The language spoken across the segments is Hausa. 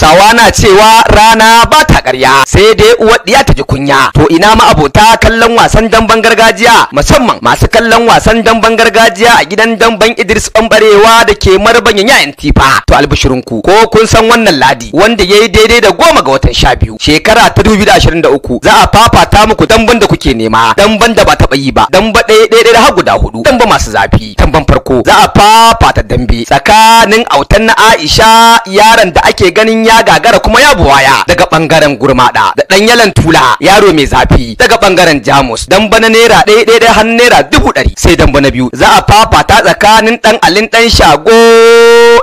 hausawa na cewa rana ba ta ƙarya sai dai uwar ɗiya ta ji kunya to ina ma abota kallon wasan damben gargajiya musamman masu kallon wasan damben gargajiya a gidan damben idris bambarewa da ke marbanyan yayan tifa to albishirinku ko kun san wannan ladi wanda ya yi daidai da goma ga watan sha biyu shekara ta dubu ashirin da uku za a fafata muku damben da kuke nema damben da ba taɓa yi ba damba ɗaya ɗaya ɗaya har guda hudu damba masu zafi damben farko za a fafata dambe tsakanin autan na aisha yaron da ake ganin ya gagara kuma ya buwaya daga bangaren gurmada da dan yalan tula yaro mai zafi daga bangaren jamus dan bana naira ɗaya ɗaya ɗaya har naira dubu ɗari sai dan bana biyu za a fafata tsakanin dan alin dan shago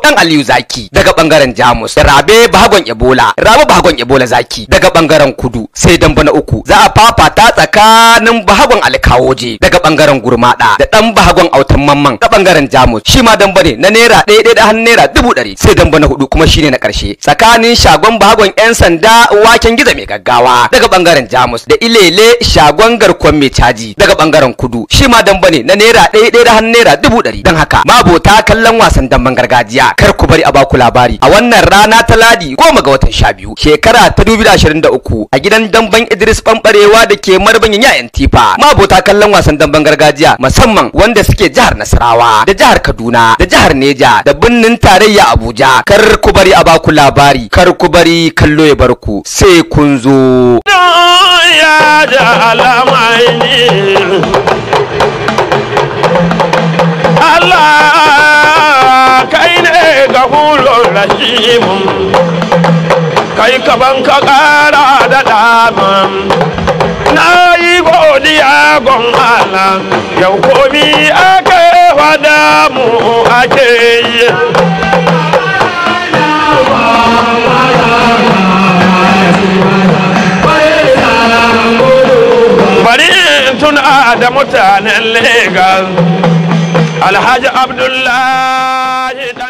dan aliyu zaki daga bangaren jamus da rabe bahagon ebola rabe bahagon ebola zaki daga bangaren kudu sai dan bana uku za a fafata tsakanin bahagon alkawoje daga bangaren gurmada da dan bahagon autan mamman daga bangaren jamus shi ma dan bane na naira ɗaya ɗaya ɗaya har naira dubu ɗari sai dan bana hudu kuma shine na ƙarshe tsakanin tsakanin shagon bagon 'yan sanda waken gizo mai gaggawa daga bangaren jamus da ilele shagon garkon mai caji daga bangaren kudu shi ma damba ne na naira ɗaya ɗaya da har naira dubu ɗari don haka mabota kallon wasan damban gargajiya kar ku bari a baku labari a wannan rana ta ladi goma ga watan sha shekara ta dubu ashirin da uku a gidan damban idris ɓamɓarewa da ke marbanyan yayan tifa mabota kallon wasan damban gargajiya musamman wanda suke jihar nasarawa da jihar kaduna da jihar neja da birnin tarayya abuja kar ku bari a baku labari kar ku bari kallo ya bar ku sai kun zo Allah kai kaban ka ƙara da godiya gon ala yau ake wada mu ake yi da mutanen Legas Alhaji Abdullahi